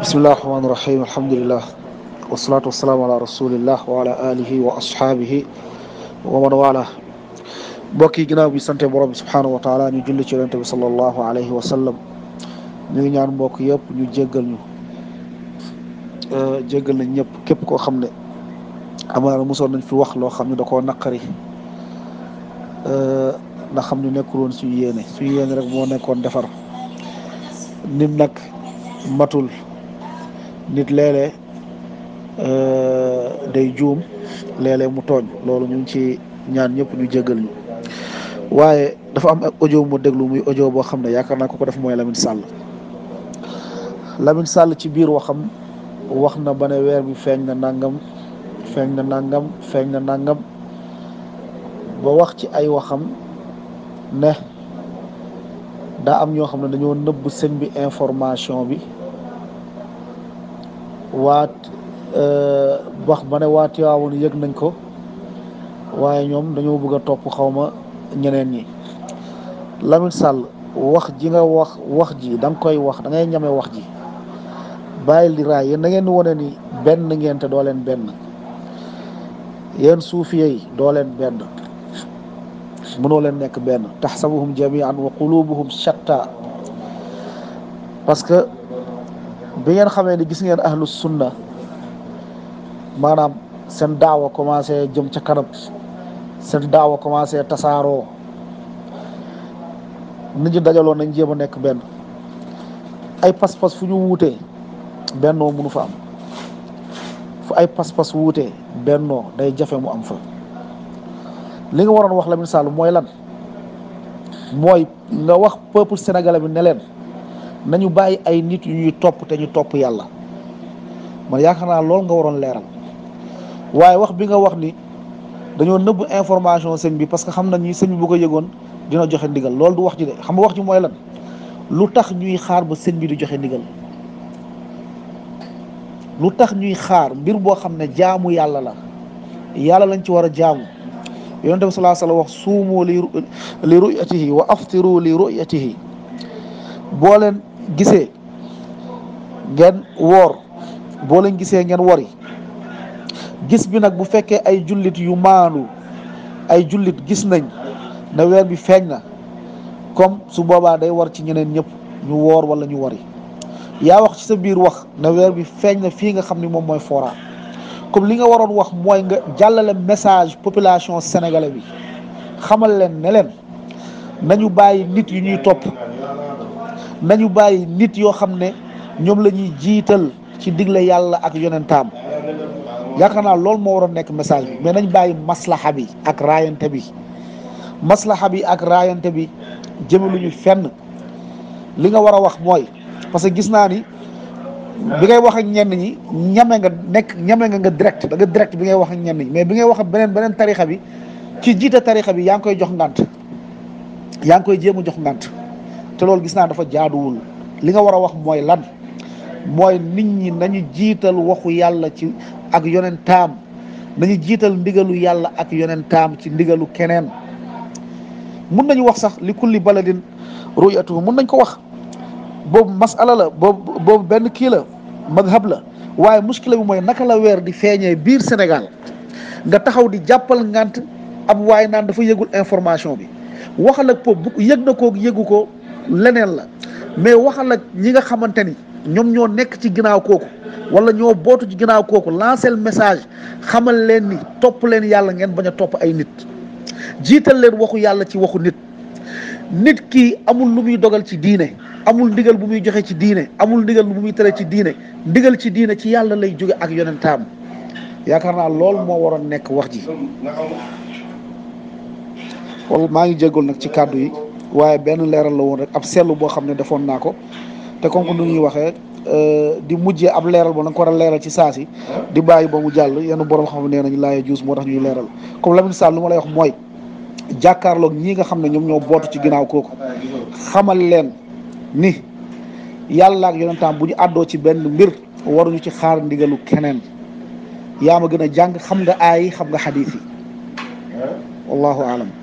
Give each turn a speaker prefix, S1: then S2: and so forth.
S1: bismillah rahmaani rahim alhamdulillah wasalaatu wasalaamu ala rasulillah wa ala alihi wa ashaabihi wa man wala mbokk yi ginnaaw bi sante borom bi subhaanahu wa taala ñu julli ci yonente bi salallahu alayhi ngi ñaan mbokk yëpp ñu jéggal ñu euh, jéggal nañ képp koo xam ne amaana mosoon nañ fi wax loo xam ne da koo naqari euh, ndax xam ne nekkul woon suñu yéene suñu yéene rek moo nekkoon defar nit nag matul nit léeg-léeg euh, day juum léeg mu tooñ loolu ñu ngi ci ñaan ñëpp ñu jégal ñu waaye dafa am audio mu déglu muy audio boo xam ne yaakaar na ko ko def mooy Lamine Sall Lamine sàll ci biir waxam wax na ba ne weer bi feeñ na nangam feeñ na nangam feeñ na nangam ba wax ci ay waxam ne daa am ñoo xam ne dañoo nëbb sëñ bi information bi waat euh, wax ma ne waa Tiwaawoon yëg nañ ko waaye ñoom dañoo bëgg a topp xawma ñeneen ñi Lamine Sall wax ji nga wax wax ji da koy wax da ñame wax ji bàyyi di raay yéen da ngeen di wane ni benn ngeen te doo leen benn yéen suuf yi dooleen leen benn mënoo leen nekk benn taxsabuhum jamian wa qulubuhum shatta parce que bi ngeen xamee ni gis ngeen ahlus sunna maanaam seen daawa commencé jëm ca kanam seen daawa commencé tasaaroo nit ñi dajaloon nañ jéem a nekk benn ay pas-pas fu ñu wuutee bennoo mënu fa am fu ay pas-pas wuutee bennoo day jafe mu am fa li nga waroon wax Lamine Sall mooy lan mooy nga wax peuple sénégalais bi ne leen nañu bàyyi ay nit yu ñuy topp te ñu topp yàlla man yaakaar naa lool nga waroon leeral waaye wax bi nga wax ni dañoo nëbb information sëñ bi parce que xam nañ ni sëñ bi bu ko yëgoon dina joxe ndigal loolu du wax ji de xam nga wax ji mooy lan lu tax ñuy xaar ba sëñ bi di joxe ndigal lu tax ñuy xaar mbir boo xam ne jaamu yàlla la yàlla lañ ci war a jaamu yonent bi salaa sala wax suumu li li ruyatihi wa boo leen gisee ngeen woor boo leen gisee ngeen wori gis bi nag bu fekkee ay jullit yu maandu ay jullit gis nañ ne weer bi feeñ na comme su boobaa day war ci ñeneen ñëpp ñu woor wala ñu wari yaa wax ci sa biir wax ne weer bi feeñ na fii nga xam ni moom mooy fora comme li nga waroon wax mooy nga jàllale message population sénégalais bi xamal leen ne leen nañu bàyyi nit yu ñuy topp nañu bàyyi nit yoo xam ne ñoom la ñuy jiital ci digle yàlla ak yonentaam yaakaar naa loolu moo war nekk message mais nañ bàyyi maslaha bi ak raayante bi maslaha bi ak raayante bi jëmeluñu fenn li nga war a wax mooy parce que gis naa ni bi ngay wax ñenn ñi ñame nga nekk ñame nga nga direct da direct bi ngay wax ak mais bi ngay wax beneen beneen tarixa bi ci jiite tarixa bi yaa ngi koy jox ngant yaa ngi koy jéem a jox ngant te loolu gis naa dafa jaaduwul li nga war a wax mooy lan mooy nit ñi nañu jiital waxu yàlla ci ak yonentaam nañu jiital ndigalu yàlla ak yonentaam ci ndigalu keneen mun nañu wax sax li kulli baladin ruyatuhu mun nañ ko wax boobu masala la boobu benn kii la madhab la waaye muskila bi mooy naka la weer di feeñee biir Sénégal nga taxaw di jàppal ngant ab waaye naan dafa yëgul information bi waxal ak po bu yëg na ko yëgu ko leneen la mais waxal ak ñi nga xamante ni ñoom ñoo nekk ci ginnaaw kooku wala ñoo bootu ci ginnaaw kooku lancer message xamal leen ni topp leen yàlla ngeen bañ a topp ay nit jiital leen waxu yàlla ci waxu nit nit kii amul lu muy dogal ci diine amul ndigal bu muy joxe ci diine amul ndigal bu muy tere ci diine ndigal ci diine ci yàlla lay jóge ak yonentaam yaakaar naa lool moo waroon nekk wax ji maa ngi jéggul nag ci kàddu yi waaye benn leeral la woon rek ab seetlu boo xam ne defoon naa ko te kon que nu ñuy waxee euh, di mujjee ab leeral ba na ko war a leeral ci saa si di bàyyi ba mu jàll yenn borom xam ne nañ laaya juus moo tax ñuy leeral comme Lamine Sall lu ma lay mooy jàkkaarloog ñii nga xam ne ñoom ñoo bootu ci ginnaaw kooku xamal leen ni yàlla ak yonentam bu ñu àddoo ci benn mbir waruñu ci xaar ndigalu keneen yaa ma gën a jàng xam nga aay xam nga xadiis yi wallahu alam